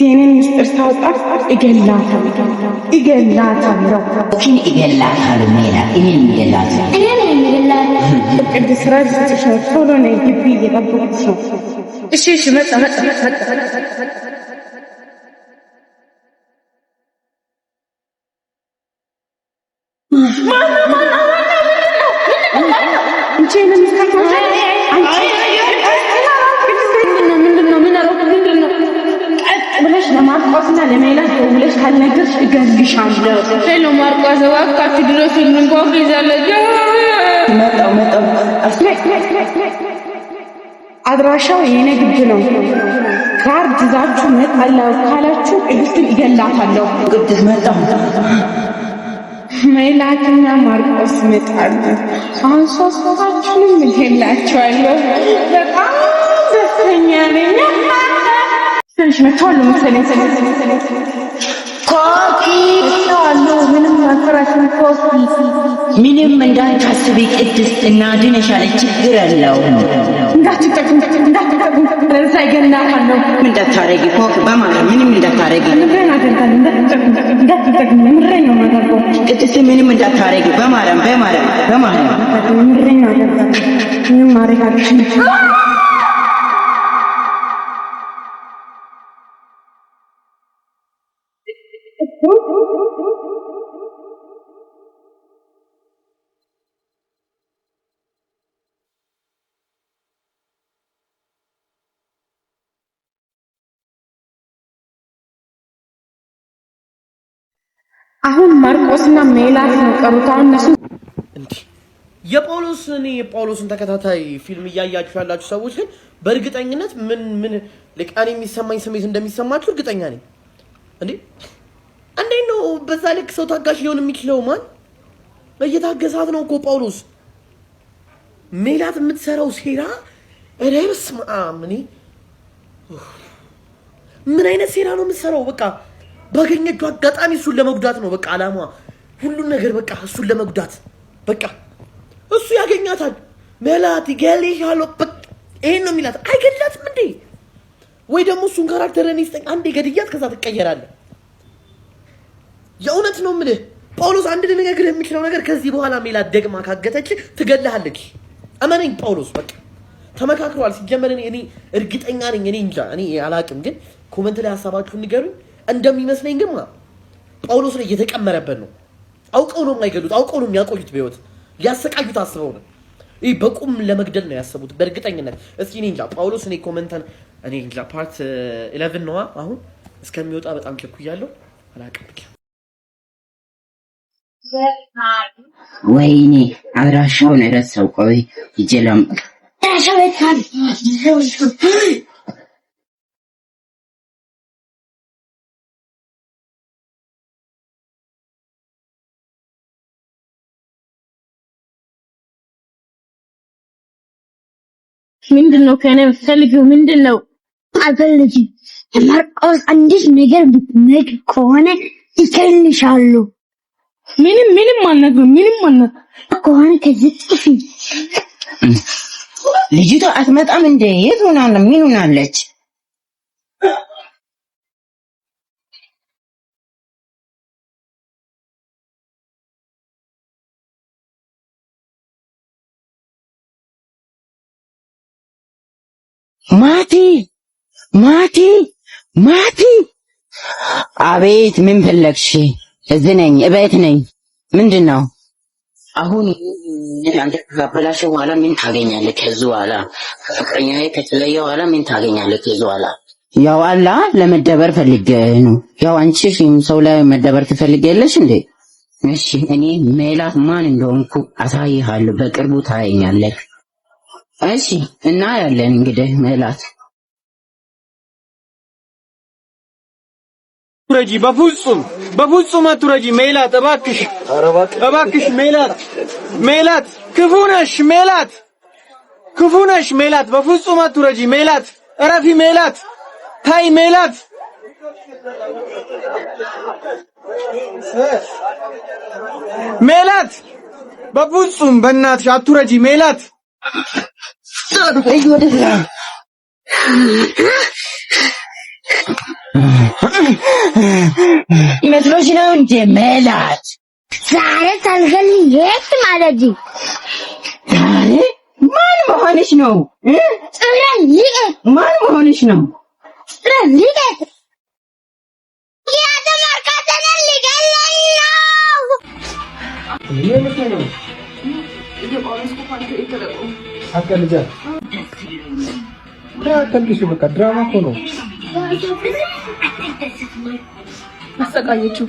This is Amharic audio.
ቴኔን ምስጢር ሳወጣት እገላታል እገላታል ነው ኪን ሜላ እኔን እገላታል እኔን እገላታል ቅድስት ሥራ ልስጥሽ ነው። ቶሎ ነይ ግቢ እየጠበቁሽ ነው። እሺ እሺ መጣ መጣ መጣ ማማ ማማ ማማ ለማርቆስና ለሜላት ደውለሽ ካልነገርሽ እገልሻለሁ። ሄሎ ማርቆስ እባካችሁ ድረሱልን፣ ኮፍ ይዛለች። መጣሁ መጣሁ። አድራሻው የኔ ግቢ ነው። ካርድ ይዛችሁ ካላችሁ ቅድስትን እገላታለሁ። ቅድስት መጣሁ። ሜላትና ማርቆስ መጣሉ። አሁን ሶስታችሁንም እገላችኋለሁ። በጣም ደስተኛ ነኝ። ትንሽ መጥቷል መሰለኝ። ኮፒ አሉ ምንም አፈራሽን ኮፒ ምንም እንዳታስቢ ቅድስት እና ድነሻል። ችግር የለውም። እንዳትጠቅም እንዳትጠቅም ለዛይ ገና ካለው እንዳታረጊ ኮፒ በማለት ምንም እንዳታረጊ ቅድስት ምንም እንዳታረጊ በማለት በማለት በማለት ምንም ማረጋችሁ አሁን ማርቆስና ሜላት ነው ቀሩት። አሁን እነሱ እንዴ የጳውሎስ እኔ የጳውሎስን ተከታታይ ፊልም እያያችሁ ያላችሁ ሰዎች ግን በእርግጠኝነት ምን ምን ልቃኔ የሚሰማኝ ስሜት እንደሚሰማችሁ እርግጠኛ ነኝ እንዴ እንዴት ነው በዛ ልክ ሰው ታጋሽ ሊሆን የሚችለው? ማን እየታገሳት ነው እኮ ጳውሎስ። ሜላት የምትሰራው ሴራ ረብስ በስመ ምን አይነት ሴራ ነው የምትሰራው? በቃ ባገኘችው አጋጣሚ እሱን ለመጉዳት ነው በቃ አላማ፣ ሁሉን ነገር በቃ እሱን ለመጉዳት በቃ እሱ ያገኛታል። ሜላት ይገልሻለሁ ይሄን ነው የሚላት። አይገድላትም እንዴ? ወይ ደግሞ እሱን ካራክተር እኔ ስጠኝ አንዴ ገድያት፣ ከዛ ትቀየራለህ የእውነት ነው የምልህ ጳውሎስ አንድ ልነግርህ የምችለው ነገር ከዚህ በኋላ ሜላት ደግማ ካገተች ትገልሃለች። እመነኝ ጳውሎስ በቃ ተመካክሯል። ሲጀመር እኔ እርግጠኛ ነኝ። እኔ እንጃ እኔ አላቅም፣ ግን ኮመንት ላይ ሀሳባችሁ ንገሩኝ። እንደሚመስለኝ ግን ጳውሎስ ላይ እየተቀመረበት ነው። አውቀው ነው የማይገሉት፣ አውቀው ነው የሚያቆዩት በህይወት ሊያሰቃዩት አስበው ነው። ይህ በቁም ለመግደል ነው ያሰቡት በእርግጠኝነት። እስኪ እኔ እንጃ ጳውሎስ፣ እኔ ኮመንተን እኔ እንጃ ፓርት ኢለቭን ነዋ አሁን እስከሚወጣ በጣም ቸኩያለሁ። አላቅም ብቻ ወይኔ አድራሻውን ረሳው። ቆይ ሂጅ ላምጣ። ምንድን ነው ከእኔ የምትፈልጊው? ምንድን ነው? አልፈልጊም። ለማርቆስ አንዲት ነገር ብትነግሪው ከሆነ ይገልሻሉ። ምንም ምንም አልነግርም። ምንም አልነግርም እኮ አሁን ከዚህ ልጅቷ አትመጣም እንደ የት ሆና ነው? ምን ሆናለች? ማቲ ማቲ ማቲ፣ አቤት ምን ፈለግሽ? እዚህ ነኝ፣ እቤት ነኝ። ምንድን ነው አሁን አንተ ካበላሸው በኋላ ምን ታገኛለህ? ከዚህ በኋላ ፍቅረኛዬ ከተለየ በኋላ ምን ታገኛለህ? ከዚህ በኋላ ያው አላ ለመደበር ፈልጌ ነው። ያው አንቺ ሰው ላይ መደበር ትፈልጊያለሽ እንዴ? እሺ እኔ ሜላት ማን እንደሆንኩ አሳይሃለሁ። በቅርቡ ታየኛለህ። እሺ እና ያለን እንግዲህ ሜላት አትውረጂ፣ በፍጹም በፍጹም አትውረጂ። ሜላት እባክሽ፣ እባክሽ ሜላት፣ ሜላት ክፉ ነሽ፣ ሜላት ክፉ ነሽ፣ ሜላት በፍጹም አትውረጂ። ሜላት እረፊ፣ ሜላት ታይ፣ ሜላት ሜላት በፍጹም በእናትሽ አትውረጂ። ሜላት ወደ መስሎሽ ነው እንዴ ሜላት? ዛሬ ሳልገል የት ማለት ዛሬ ማን መሆንሽ ነው? ጥረን ሊቀ ማን መሆንሽ ነው? ጥረን ሊቀ ድራማ እኮ ነው። 四个一组。